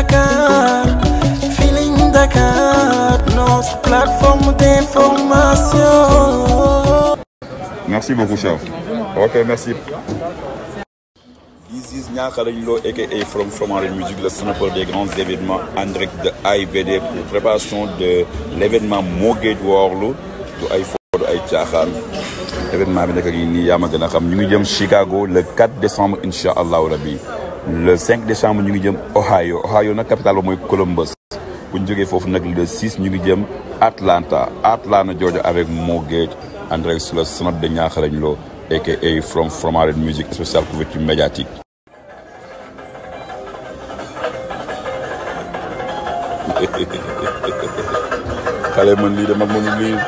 Dakar Feeling Dakar notre plateforme d'information. merci beaucoup Cheikh ok merci. This is Niakhareñ Lo aka from Fromarin Music le snapper des grands événements en direct de AIBD pour préparation de l'événement Mogued du ay foofu ay caaxaan événement bi nag ak nii yaa ma gën a xam ñu ngi jëm Chicago le 4 décembre incha allahu rabi. le 5 décembre ñu ngi jëm Ohio Ohio nag capitale ba mooy Columbus bu ñu foofu nag le 6 ñu ngi jëm Atlanta Atlanta jooju avec Mo Gates and rek sur le son Lo aka from From Arène Music spéciale médiatique. xale mën lii de mag lii.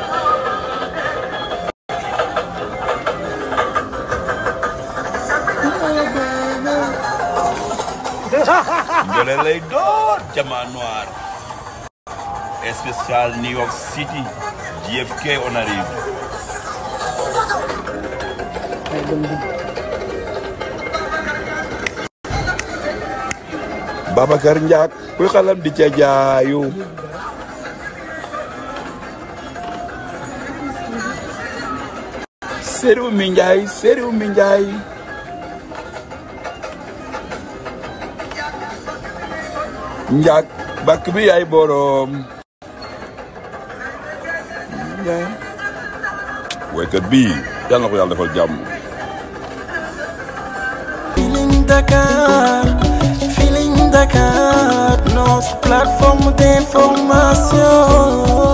njole i doon jama noir spécial New York City JFK on arrive Babacar Ndiak kuy xalam di ca jaayu Serigne mi Ndiaye Serigne njaag bakk bi ay boroom njaay waykat bi yal na ko yàlla defal jàmm Feeling Dakar Feeling Dakar notre plateforme d'information